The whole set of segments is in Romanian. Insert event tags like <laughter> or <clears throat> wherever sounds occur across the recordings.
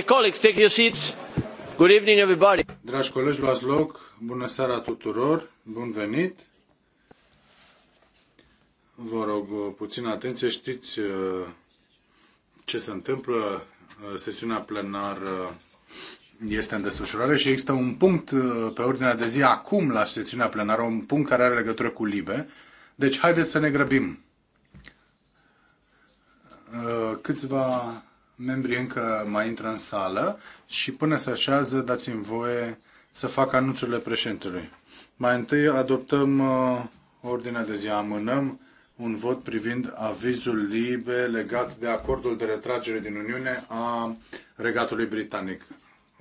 take your seats. Good evening, everybody. Dragi colegi, luați loc. Bună seara tuturor. Bun venit. Vă rog uh, puțin atenție. Știți uh, ce se întâmplă. Uh, sesiunea plenară este în desfășurare și există un punct pe ordinea de zi acum la sesiunea plenară, un punct care are legătură cu LIBE. Deci haideți să ne grăbim. Câțiva membrii încă mai intră în sală și până se așează dați-mi voie să fac anunțurile președintelui. Mai întâi adoptăm uh, ordinea de zi, amânăm un vot privind avizul liber legat de acordul de retragere din Uniune a regatului britanic.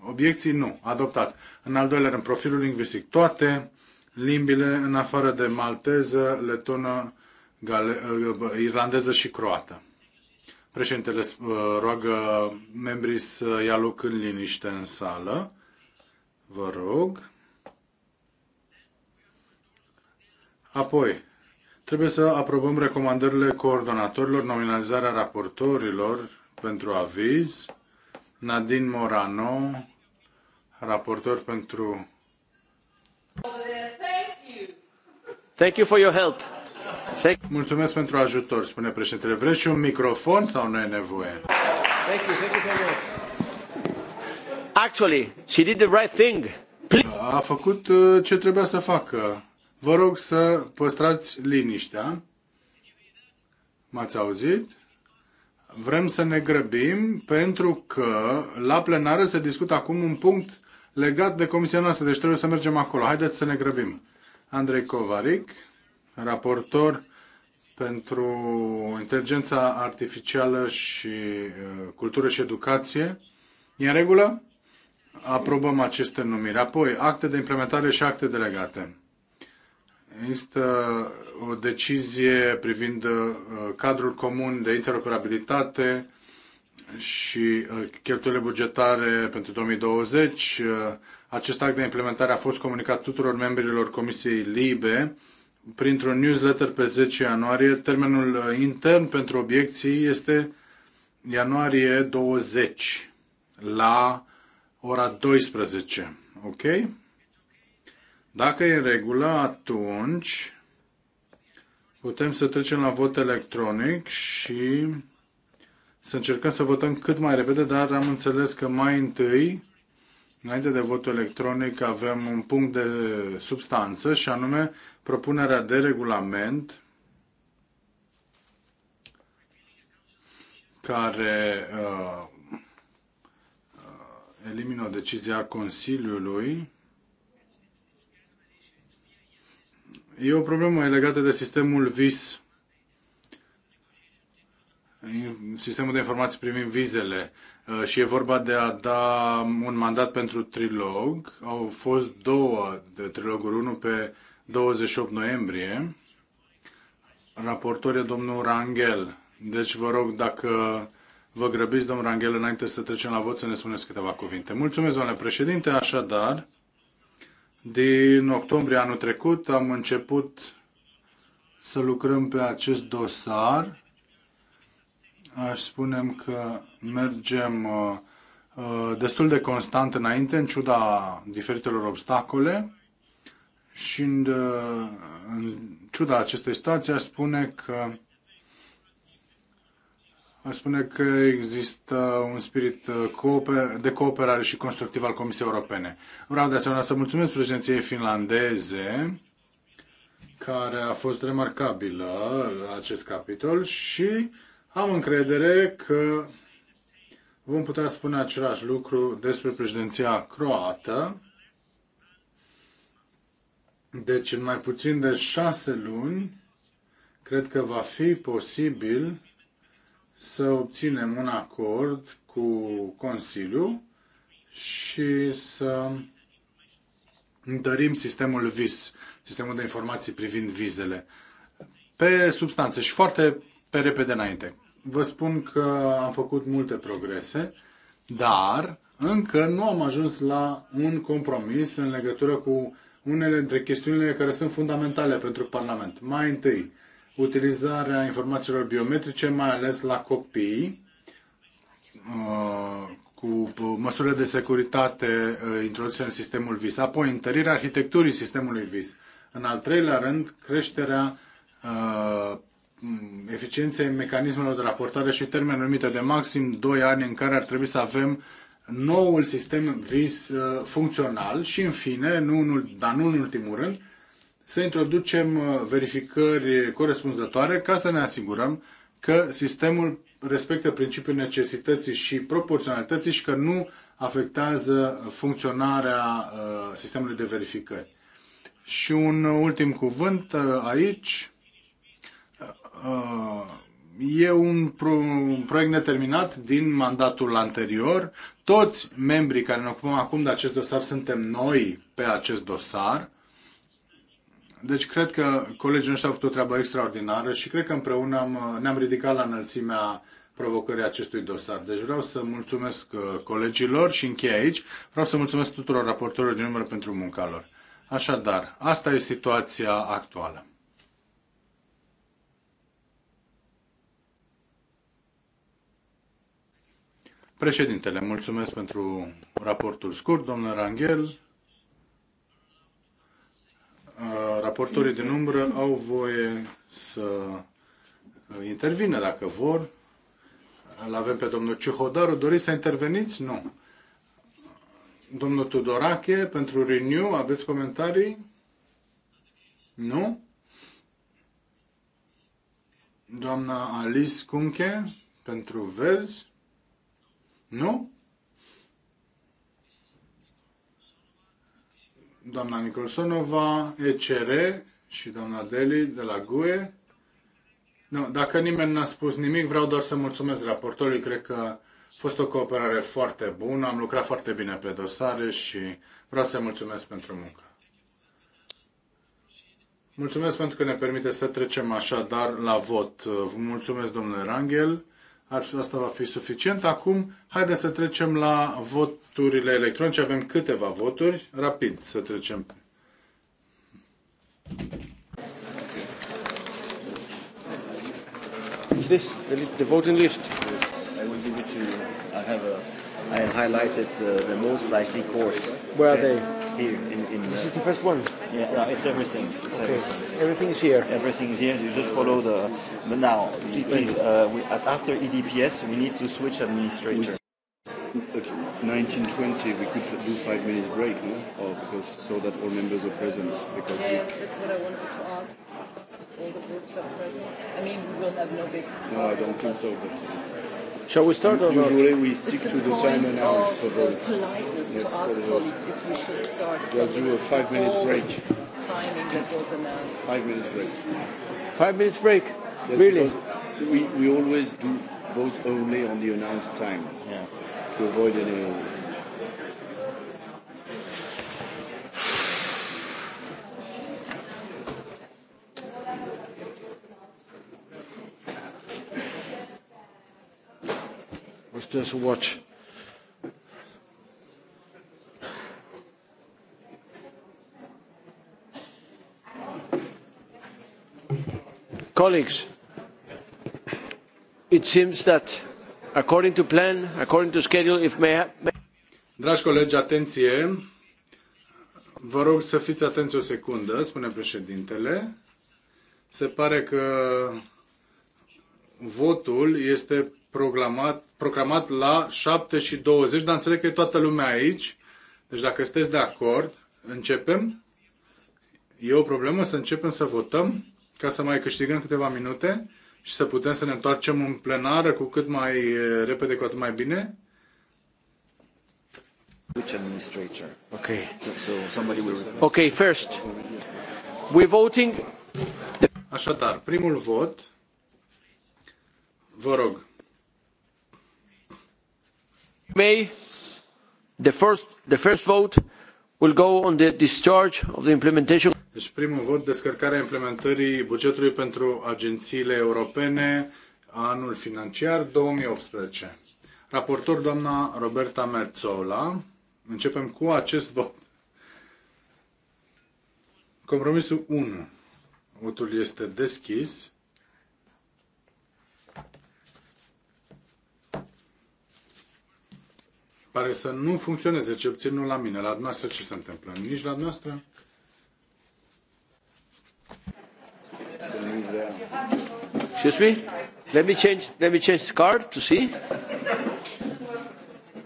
Obiecții nu. Adoptat. În al doilea rând, profilul lingvistic. Toate limbile, în afară de malteză, letonă, gale, uh, irlandeză și croată. Președintele uh, roagă membrii să ia loc în liniște în sală. Vă rog. Apoi, trebuie să aprobăm recomandările coordonatorilor, nominalizarea raportorilor pentru aviz, Nadine Morano, raportor pentru... Thank you for your help. Mulțumesc pentru ajutor, spune președintele. Vreți și un microfon sau nu e nevoie? Thank you, thank you so much. Actually, she did the right thing. Please. A făcut uh, ce trebuia să facă. Vă rog să păstrați liniștea. M-ați auzit? Vrem să ne grăbim pentru că la plenară se discută acum un punct legat de comisia noastră, deci trebuie să mergem acolo. Haideți să ne grăbim. Andrei Kovaric raportor pentru inteligența artificială și uh, cultură și educație. E în regulă? Aprobăm aceste numiri. Apoi, acte de implementare și acte delegate. Există o decizie privind uh, cadrul comun de interoperabilitate și uh, cheltuielile bugetare pentru 2020. Uh, acest act de implementare a fost comunicat tuturor membrilor Comisiei LIBE printr-un newsletter pe 10 ianuarie. Termenul uh, intern pentru obiecții este ianuarie 20 la ora 12. Ok? Dacă e în regulă, atunci putem să trecem la vot electronic și să încercăm să votăm cât mai repede, dar am înțeles că mai întâi, înainte de votul electronic, avem un punct de substanță și anume propunerea de regulament care uh, elimină o decizie a Consiliului. E o problemă legată de sistemul VIS, sistemul de informații privind vizele uh, și e vorba de a da un mandat pentru trilog. Au fost două de triloguri, unul pe 28 noiembrie. Raportor e domnul Rangel. Deci vă rog dacă vă grăbiți, domnul Rangel, înainte să trecem la vot, să ne spuneți câteva cuvinte. Mulțumesc, domnule președinte. Așadar, din octombrie anul trecut am început să lucrăm pe acest dosar. Aș spune că mergem uh, uh, destul de constant înainte, în ciuda diferitelor obstacole. Și în, uh, în ciuda acestei situații, aș spune că aș spune că există un spirit uh, de cooperare și constructiv al Comisiei Europene. Vreau de asemenea să mulțumesc președinției finlandeze, care a fost remarcabilă la acest capitol și am încredere că vom putea spune același lucru despre președinția croată, deci în mai puțin de șase luni, cred că va fi posibil să obținem un acord cu Consiliul și să întărim sistemul VIS, sistemul de informații privind vizele, pe substanță și foarte pe repede înainte. Vă spun că am făcut multe progrese, dar încă nu am ajuns la un compromis în legătură cu unele dintre chestiunile care sunt fundamentale pentru Parlament. Mai întâi, utilizarea informațiilor biometrice, mai ales la copii, uh, cu măsurile de securitate uh, introduse în sistemul VIS, apoi întărirea arhitecturii sistemului VIS. În al treilea rând, creșterea uh, eficienței mecanismelor de raportare și termenul limite de maxim 2 ani în care ar trebui să avem noul sistem vis uh, funcțional și, în fine, nu, dar nu în ultimul rând, să introducem uh, verificări corespunzătoare ca să ne asigurăm că sistemul respectă principiul necesității și proporționalității și că nu afectează funcționarea uh, sistemului de verificări. Și un ultim cuvânt aici. E un, pro, un proiect neterminat din mandatul anterior. Toți membrii care ne ocupăm acum de acest dosar suntem noi pe acest dosar. Deci cred că colegii noștri au făcut o treabă extraordinară și cred că împreună am, ne-am ridicat la înălțimea provocării acestui dosar. Deci vreau să mulțumesc uh, colegilor și închei aici. Vreau să mulțumesc tuturor raportorilor din număr pentru munca lor. Așadar, asta e situația actuală. Președintele, mulțumesc pentru raportul scurt, domnule Rangel. Raportorii din umbră au voie să intervină dacă vor. Îl avem pe domnul Ciuhodaru. Doriți să interveniți? Nu. Domnul Tudorache, pentru Renew, aveți comentarii? Nu? Doamna Alice Cunche, pentru Verzi? Nu? Doamna Nicolsonova, ECR și doamna Deli de la GUE. Nu, dacă nimeni n-a spus nimic, vreau doar să mulțumesc raportorului. Cred că a fost o cooperare foarte bună, am lucrat foarte bine pe dosare și vreau să mulțumesc pentru muncă. Mulțumesc pentru că ne permite să trecem așadar la vot. Vă mulțumesc, domnule Rangel ar fi, asta va fi suficient. Acum, haideți să trecem la voturile electronice. Avem câteva voturi. Rapid să trecem. This, the, list, the voting list. I will give it to you. I have a, I highlighted uh, the most likely course. Where are they? Here in, in. This Uh, this is the first one. Yeah, no, it's everything. It's okay. everything. Everything is here. Everything is here. You just follow the. But now, please, uh, we, at, after EDPS, we need to switch administrator. 1920, we could do five minutes break, no? Or oh, because so that all members are present. Because yeah, that's what I wanted to ask. All the groups are present. I mean, we will have no big. No, I don't think so, but. Shall we start? Or Usually we stick to the time announced for votes. yes, to ask colleagues if we should start. do a five minutes break. Timing that was announced. Five minutes break. Five minutes break. Yes, really? We we always do vote only on the announced time. Yeah. To avoid any. just watch. Colleagues, it seems that according to plan, according to schedule, if may Dragi colegi, atenție! Vă rog să fiți atenți o secundă, spune președintele. Se pare că votul este programat, programat la 7 și 20, dar înțeleg că e toată lumea aici. Deci dacă sunteți de acord, începem. E o problemă să începem să votăm ca să mai câștigăm câteva minute și să putem să ne întoarcem în plenară cu cât mai repede, cu atât mai bine. Which administrator? Okay. So, so somebody will... Okay, first, we voting... Așadar, primul vot, vă rog, may the first, the first vote will go on the discharge of the implementation. Deci primul vot, descărcarea implementării bugetului pentru agențiile europene anul financiar 2018. Raportor doamna Roberta Metzola. Începem cu acest vot. Compromisul 1. Votul este deschis. pare să nu funcționeze, ce obțin nu la mine. La dumneavoastră ce se întâmplă? Nici la dumneavoastră? Excuse me? Let me change, let me change the card to see.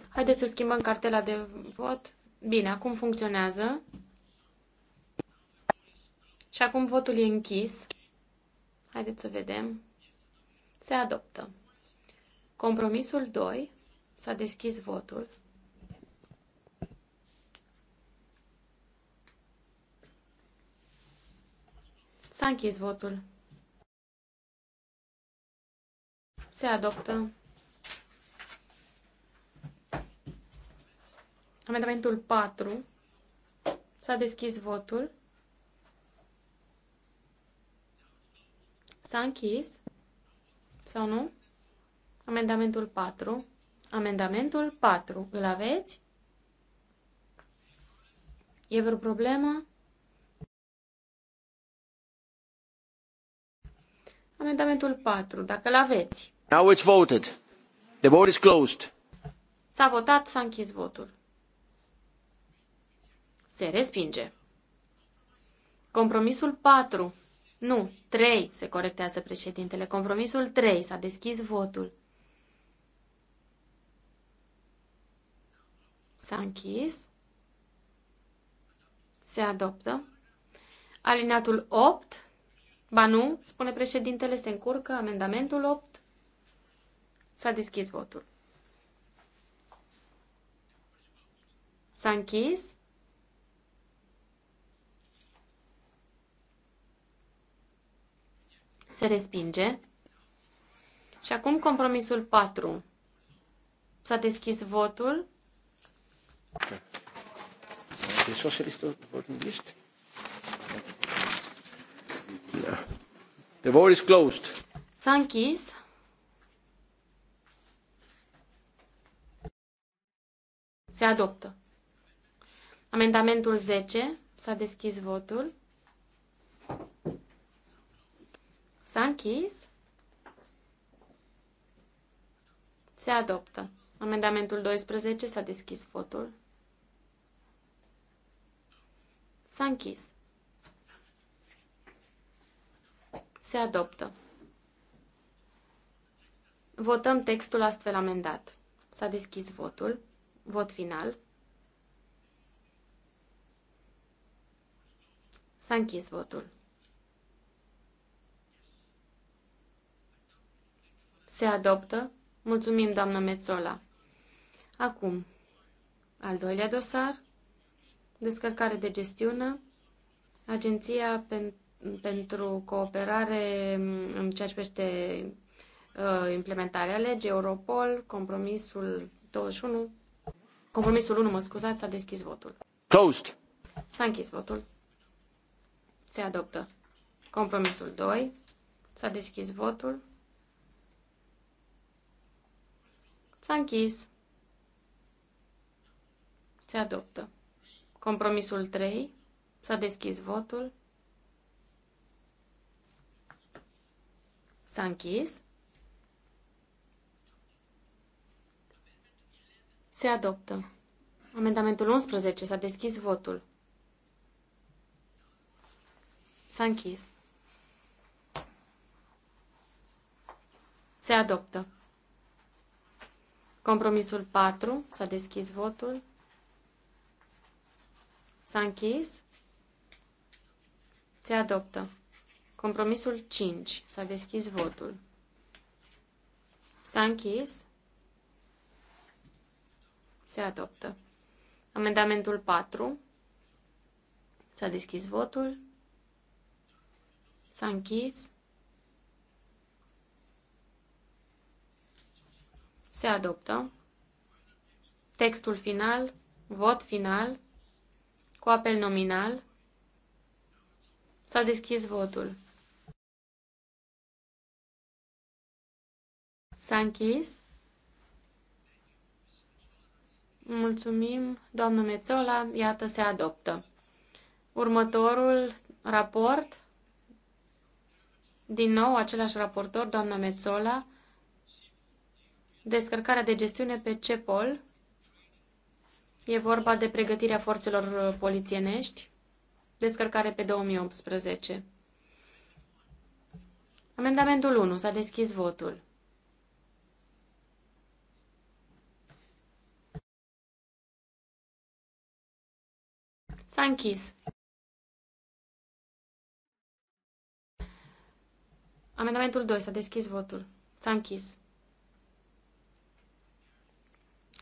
Haideți să schimbăm cartela de vot. Bine, acum funcționează. Și acum votul e închis. Haideți să vedem. Se adoptă. Compromisul 2 S-a deschis votul. S-a închis votul. Se adoptă. Amendamentul 4. S-a deschis votul. S-a închis. Sau nu? Amendamentul 4. Amendamentul 4. Îl aveți? E vreo problemă? Amendamentul 4. Dacă îl aveți. Now it's voted. The vote is closed. S-a votat, s-a închis votul. Se respinge. Compromisul 4. Nu, 3 se corectează președintele. Compromisul 3. S-a deschis votul. S-a închis. Se adoptă. Alineatul 8. Ba nu, spune președintele, se încurcă amendamentul 8. S-a deschis votul. S-a închis. Se respinge. Și acum compromisul 4. S-a deschis votul. Die Socialisten wollten nicht. Ja. The vote is closed. Thank you. Se adoptă. Amendamentul 10. S-a deschis votul. S-a închis. Se adoptă. Amendamentul 12. S-a deschis votul. S-a închis. Se adoptă. Votăm textul astfel amendat. S-a deschis votul. Vot final. S-a închis votul. Se adoptă. Mulțumim, doamnă Mețola. Acum, al doilea dosar descărcare de gestiune, Agenția pen, pentru Cooperare în ceea ce privește uh, implementarea legii, Europol, compromisul 21, compromisul 1, mă scuzați, s-a deschis votul. Closed. S-a închis votul. Se adoptă. Compromisul 2. S-a deschis votul. S-a închis. Se adoptă. Compromisul 3. S-a deschis votul. S-a închis. Se adoptă. Amendamentul 11. S-a deschis votul. S-a închis. Se adoptă. Compromisul 4. S-a deschis votul. S-a închis. Se adoptă. Compromisul 5. S-a deschis votul. S-a închis. Se adoptă. Amendamentul 4. S-a deschis votul. S-a închis. Se adoptă. Textul final, vot final, cu apel nominal s-a deschis votul. S-a închis. Mulțumim, doamnă Mețola, iată, se adoptă. Următorul raport, din nou același raportor, doamna Mețola, descărcarea de gestiune pe CEPOL, E vorba de pregătirea forțelor uh, polițienești, descărcare pe 2018. Amendamentul 1. S-a deschis votul. S-a închis. Amendamentul 2. S-a deschis votul. S-a închis.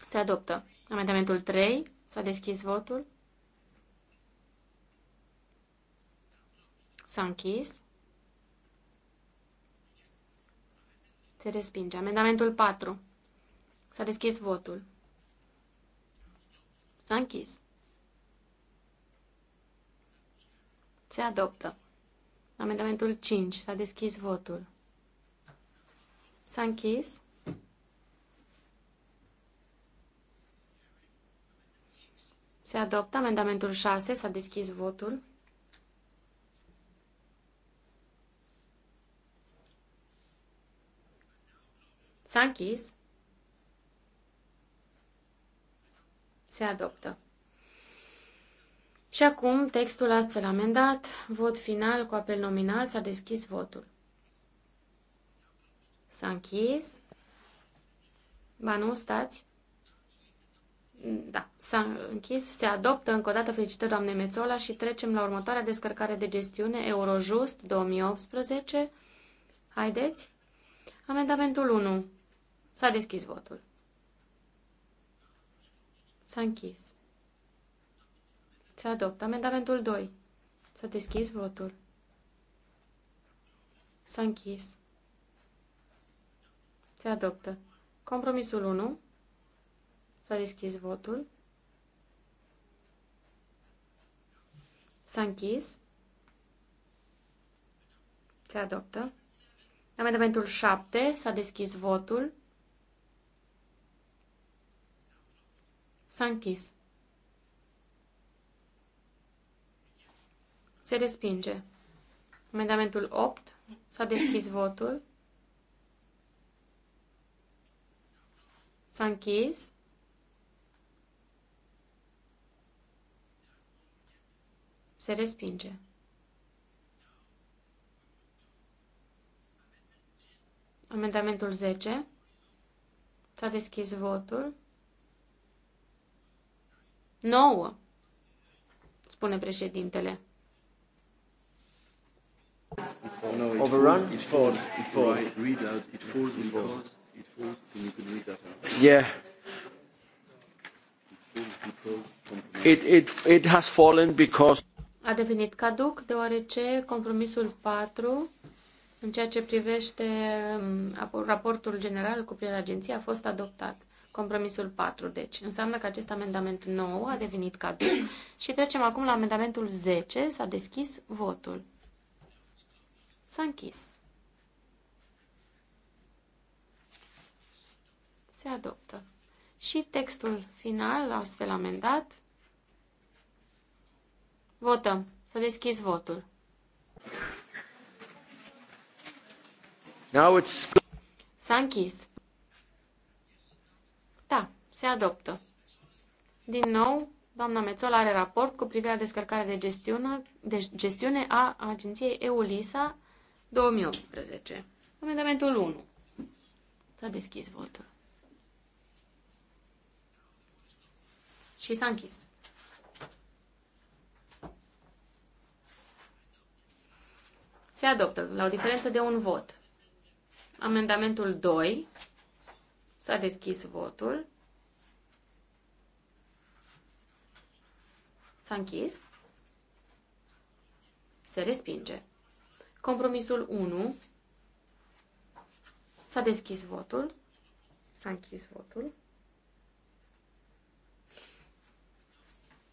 Se adoptă. Amendamentul 3. S-a deschis votul. S-a închis. Se respinge. Amendamentul 4. S-a deschis votul. S-a închis. Se adoptă. Amendamentul 5. S-a deschis votul. S-a închis. Se adoptă amendamentul 6. S-a deschis votul. S-a închis. Se adoptă. Și acum textul astfel amendat, vot final cu apel nominal, s-a deschis votul. S-a închis. Ba nu, stați. Da, s-a închis, se adoptă încă o dată felicitări doamne Mețola și trecem la următoarea descărcare de gestiune, Eurojust 2018. Haideți. Amendamentul 1. S-a deschis votul. S-a închis. Se adoptă. Amendamentul 2. S-a deschis votul. S-a închis. Se adoptă. Compromisul 1. S-a deschis votul. S-a închis. Se adoptă. Amendamentul 7. S-a deschis votul. S-a închis. Se respinge. Amendamentul 8. S-a deschis <clears throat> votul. S-a închis. Se respinge. Amendamentul 10. S-a deschis votul. 9, spune președintele. Overrun? It falls. It falls. Read out. It falls because it falls. Can you can read that out? Yeah. It it it has fallen because a devenit caduc, deoarece compromisul 4, în ceea ce privește um, raportul general cu privire la agenție, a fost adoptat. Compromisul 4, deci. Înseamnă că acest amendament nou a devenit caduc <clears throat> și trecem acum la amendamentul 10. S-a deschis votul. S-a închis. Se adoptă. Și textul final, astfel amendat, Votăm. Să deschizi votul. Now it's... S-a închis. Da, se adoptă. Din nou, doamna Mețol are raport cu privire la descărcarea de gestiune, de gestiune a agenției EULISA 2018. Amendamentul 1. S-a deschis votul. Și s-a închis. Se adoptă la o diferență de un vot. Amendamentul 2. S-a deschis votul. S-a închis. Se respinge. Compromisul 1. S-a deschis votul. S-a închis votul.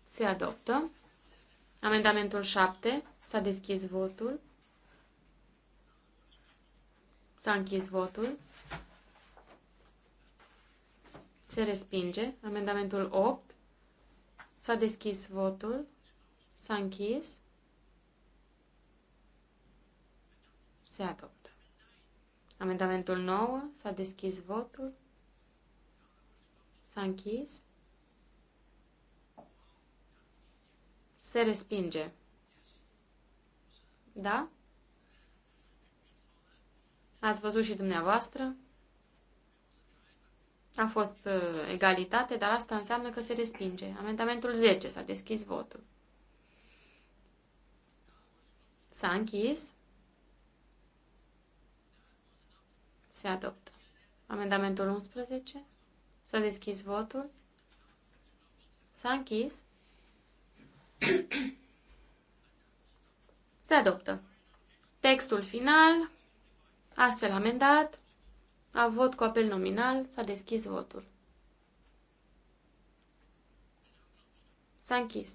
Se adoptă. Amendamentul 7. S-a deschis votul. S-a închis votul. Se respinge. Amendamentul 8. S-a deschis votul. S-a închis. Se adoptă. Amendamentul 9. S-a deschis votul. S-a închis. Se respinge. Da? Ați văzut și dumneavoastră. A fost uh, egalitate, dar asta înseamnă că se respinge. Amendamentul 10 s-a deschis votul. S-a închis. Se adoptă. Amendamentul 11 s-a deschis votul. S-a închis. Se adoptă. Textul final Astfel amendat, a vot cu apel nominal, s-a deschis votul. S-a închis.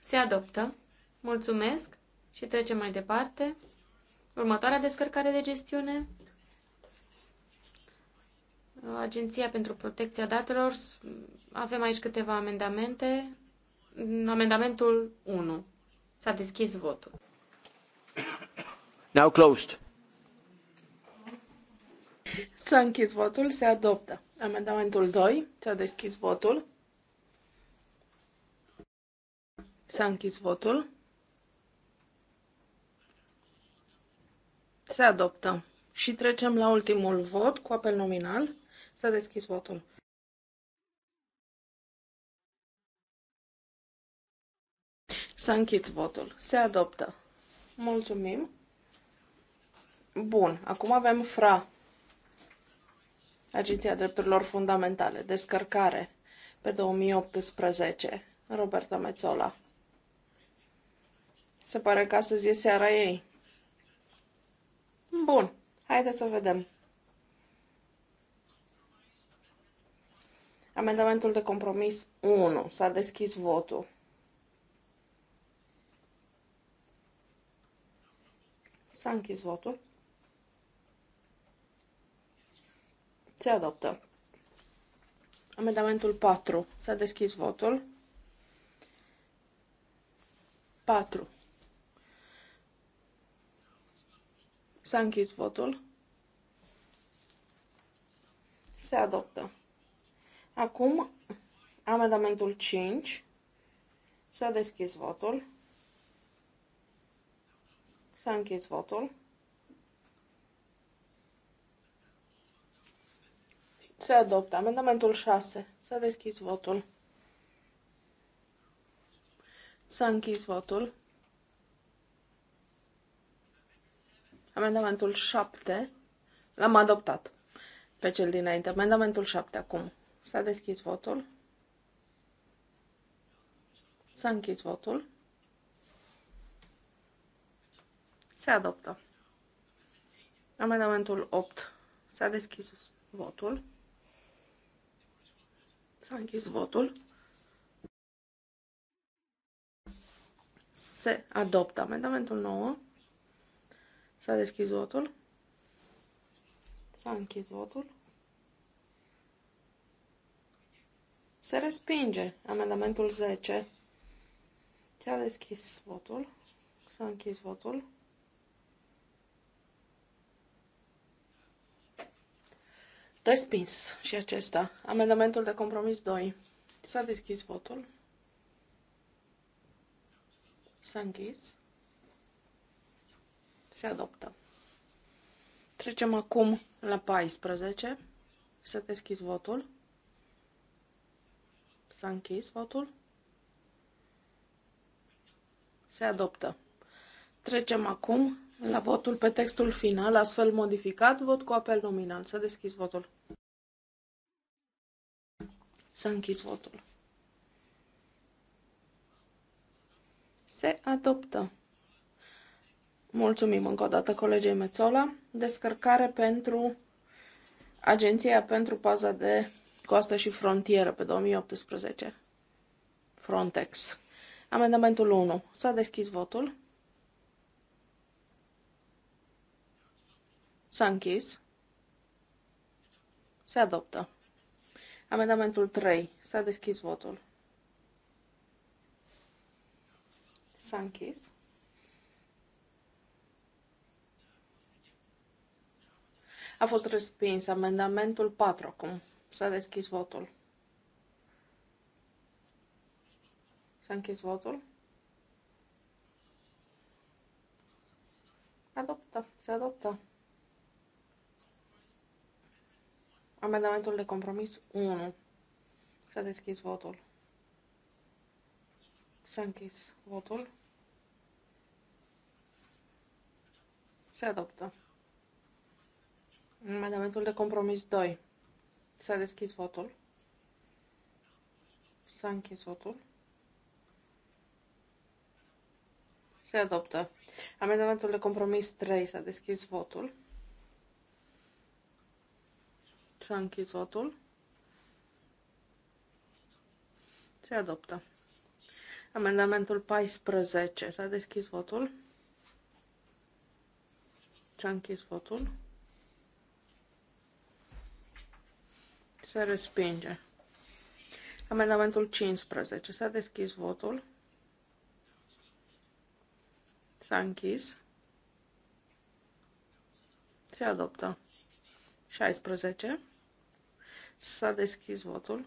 Se adoptă. Mulțumesc și trecem mai departe. Următoarea descărcare de gestiune. Agenția pentru protecția datelor. Avem aici câteva amendamente. Amendamentul 1. S-a deschis votul. Now closed. S-a închis votul, se adoptă. Amendamentul 2, s-a deschis votul. S-a închis votul. Se adoptă. Și trecem la ultimul vot cu apel nominal. S-a deschis votul. S-a închis votul. Se adoptă. Mulțumim! Bun, acum avem FRA, Agenția Drepturilor Fundamentale, descărcare pe 2018, Roberta Mețola. Se pare că astăzi e seara ei. Bun, haideți să vedem. Amendamentul de compromis 1. S-a deschis votul. S-a închis votul. Se adoptă. Amendamentul 4. S-a deschis votul. 4. S-a închis votul. Se adoptă. Acum, amendamentul 5. S-a deschis votul. S-a închis votul. Se adoptă. Amendamentul 6. S-a deschis votul. S-a închis votul. Amendamentul 7. L-am adoptat pe cel dinainte. Amendamentul 7 acum. S-a deschis votul. S-a închis votul. Se adoptă. Amendamentul 8. S-a deschis votul. S-a închis votul. Se adoptă amendamentul 9. S-a deschis votul. S-a închis votul. Se respinge amendamentul 10. S-a deschis votul. S-a închis votul. Respins și acesta. Amendamentul de compromis 2. S-a deschis votul. S-a închis. Se adoptă. Trecem acum la 14. S-a deschis votul. S-a închis votul. Se adoptă. Trecem acum la votul pe textul final, astfel modificat, vot cu apel nominal. Să deschis votul. S-a închis votul. Se adoptă. Mulțumim încă o dată colegei Mețola. Descărcare pentru Agenția pentru Paza de Coastă și Frontieră pe 2018. Frontex. Amendamentul 1. S-a deschis votul. S-a închis. Se adoptă. Amendamentul 3. S-a deschis votul. S-a închis. A fost respins amendamentul 4 acum. S-a deschis votul. S-a închis votul. Adoptă, se adoptă. Amendamentul de compromis 1. S-a deschis votul. S-a închis votul. Se adoptă. Amendamentul de compromis 2. S-a deschis votul. S-a închis votul. Se adoptă. Amendamentul de compromis 3. S-a deschis votul. S-a închis votul. Se adoptă. Amendamentul 14. S-a deschis votul. S-a închis votul. Se respinge. Amendamentul 15. S-a deschis votul. S-a închis. Se adoptă. 16. S-a deschis votul.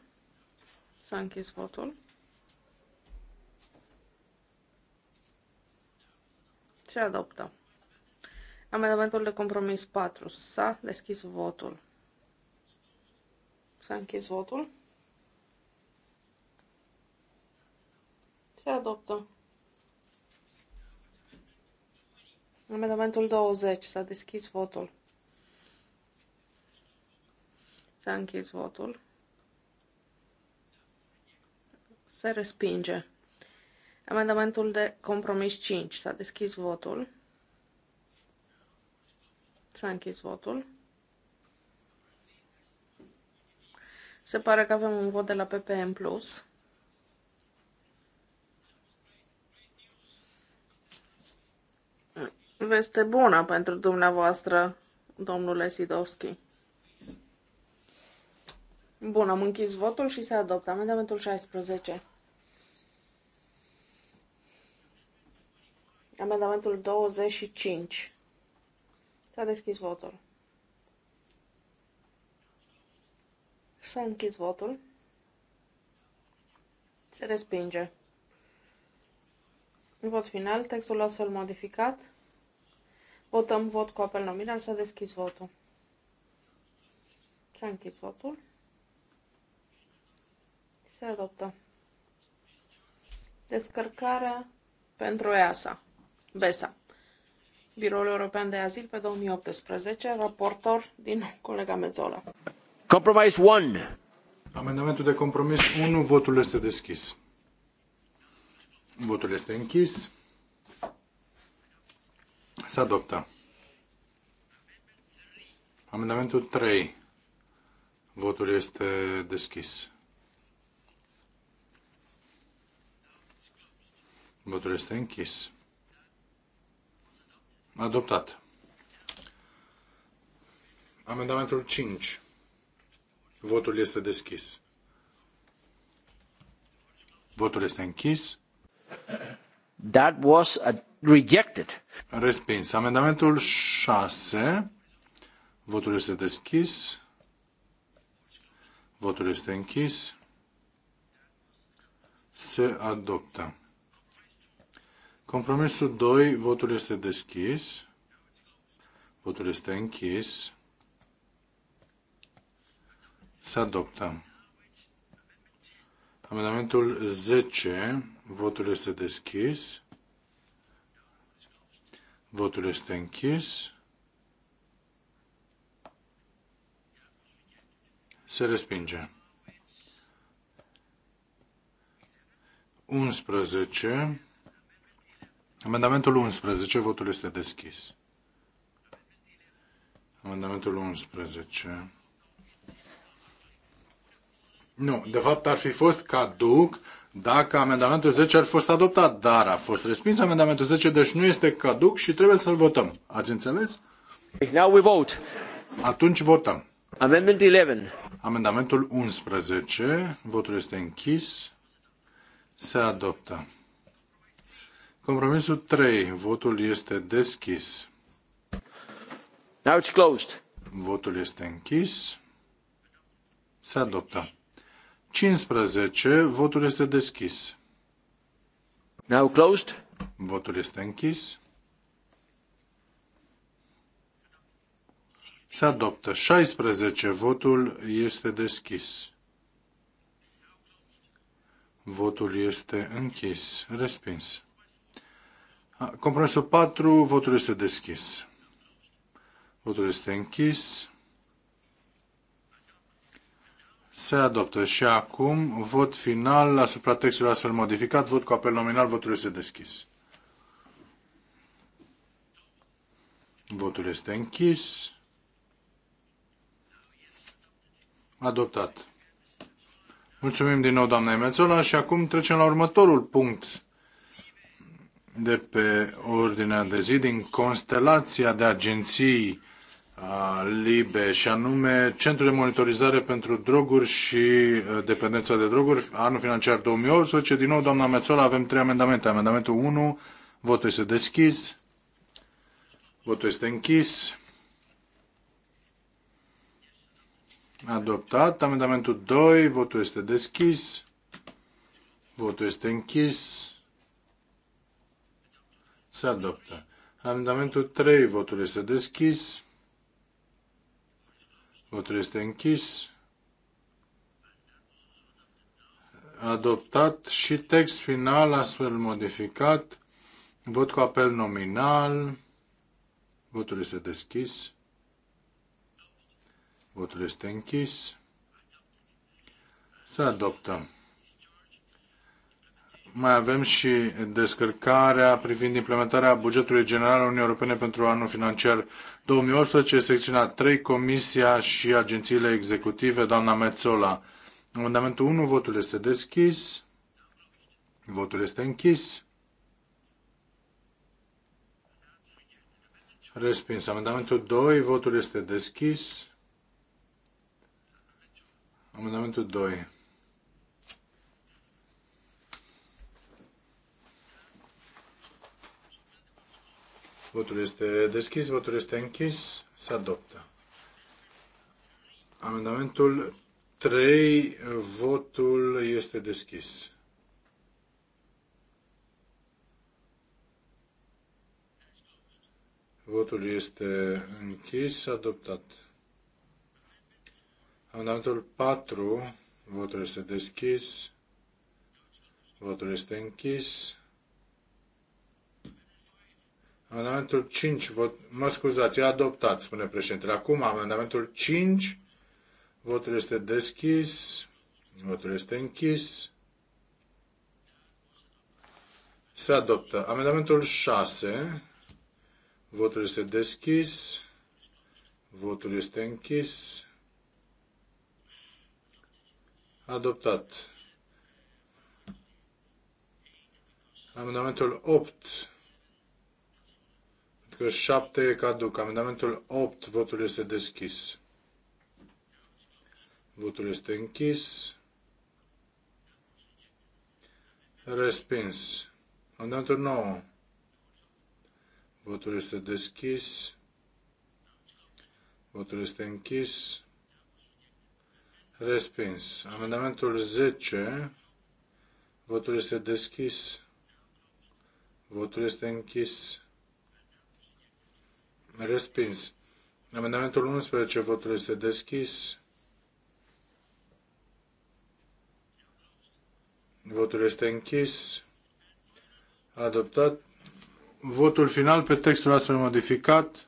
S-a închis votul. Se adoptă. Amendamentul de compromis 4. S-a deschis votul. S-a închis votul. Se adoptă. Amendamentul 20. S-a deschis votul. S-a închis votul. Se respinge. Amendamentul de compromis 5. S-a deschis votul. S-a închis votul. Se pare că avem un vot de la PPM+. Plus. Veste bună pentru dumneavoastră, domnule Sidovski. Bun, am închis votul și se adoptă. Amendamentul 16. Amendamentul 25. S-a deschis votul. S-a închis votul. Se respinge. Vot final, textul astfel modificat. Votăm vot cu apel nominal, s-a deschis votul. S-a închis votul. Se adoptă. Descărcarea pentru EASA. BESA. Biroul European de Azil pe 2018, raportor din colega Mezola. Compromise 1. Amendamentul de compromis 1, votul este deschis. Votul este închis. Se adoptă. Amendamentul 3. Votul este deschis. Votul este închis. Adoptat. Amendamentul 5. Votul este deschis. Votul este închis. That was uh, rejected. Respins. Amendamentul 6. Votul este deschis. Votul este închis. Se adoptă. Compromisul 2, votul este deschis. Votul este închis. Se adoptă. Amendamentul 10, votul este deschis. Votul este închis. Se respinge. 11. Amendamentul 11, votul este deschis. Amendamentul 11. Nu, de fapt ar fi fost caduc dacă amendamentul 10 ar fi fost adoptat, dar a fost respins amendamentul 10, deci nu este caduc și trebuie să-l votăm. Ați înțeles? Deci now we vote. Atunci votăm. Amendment 11. Amendamentul 11, votul este închis, se adoptă. Compromisul 3. Votul este deschis. Now it's closed. Votul este închis. Se adoptă. 15. Votul este deschis. Now closed. Votul este închis. Se adoptă. 16. Votul este deschis. Votul este închis. Respins. Ah, compromisul 4, votul este deschis. Votul este închis. Se adoptă. Și acum, vot final asupra textului astfel modificat, vot cu apel nominal, votul este deschis. Votul este închis. Adoptat. Mulțumim din nou, doamna Emețola, și acum trecem la următorul punct de pe ordinea de zi din constelația de agenții a LIBE și anume Centrul de Monitorizare pentru Droguri și uh, Dependența de Droguri, anul financiar 2018. Din nou, doamna Mețola, avem trei amendamente. Amendamentul 1, votul este deschis, votul este închis, adoptat. Amendamentul 2, votul este deschis, votul este închis, se adoptă. Amendamentul 3, votul este deschis. Votul este închis. Adoptat și text final astfel modificat. Vot cu apel nominal. Votul este deschis. Votul este închis. să adoptăm. Mai avem și descărcarea privind implementarea bugetului general al Uniunii Europene pentru anul financiar 2018, secțiunea 3, Comisia și agențiile executive, doamna Metzola. Amendamentul 1, votul este deschis. Votul este închis. Respins. Amendamentul 2, votul este deschis. Amendamentul 2. Votul este deschis, votul este închis, se adoptă. Amendamentul 3, votul este deschis. Votul este închis, adoptat. Amendamentul 4, votul este deschis, votul este închis, Amendamentul 5, vot, mă scuzați, e adoptat, spune președintele. Acum, amendamentul 5, votul este deschis, votul este închis. Se adoptă. Amendamentul 6, votul este deschis, votul este închis. Adoptat. Amendamentul 8, că 7 caduc. Amendamentul 8, votul este deschis. Votul este închis. Respins. Amendamentul 9. Votul este deschis. Votul este închis. Respins. Amendamentul 10. Votul este deschis. Votul este închis. Respins. Amendamentul 11, votul este deschis. Votul este închis. Adoptat. Votul final pe textul astfel modificat.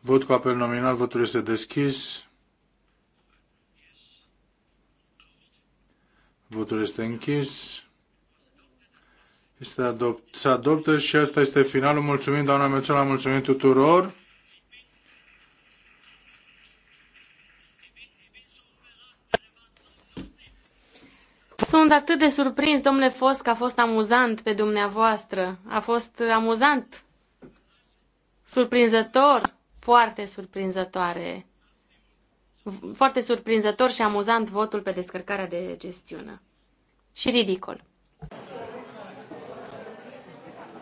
Vot cu apel nominal, votul este deschis. Votul este închis. Este adopt, se adoptă și asta este finalul. Mulțumim, doamna Mețola, mulțumim tuturor. Sunt atât de surprins, domnule Fosc, că a fost amuzant pe dumneavoastră. A fost amuzant, surprinzător, foarte surprinzătoare. Foarte surprinzător și amuzant votul pe descărcarea de gestiune. Și ridicol.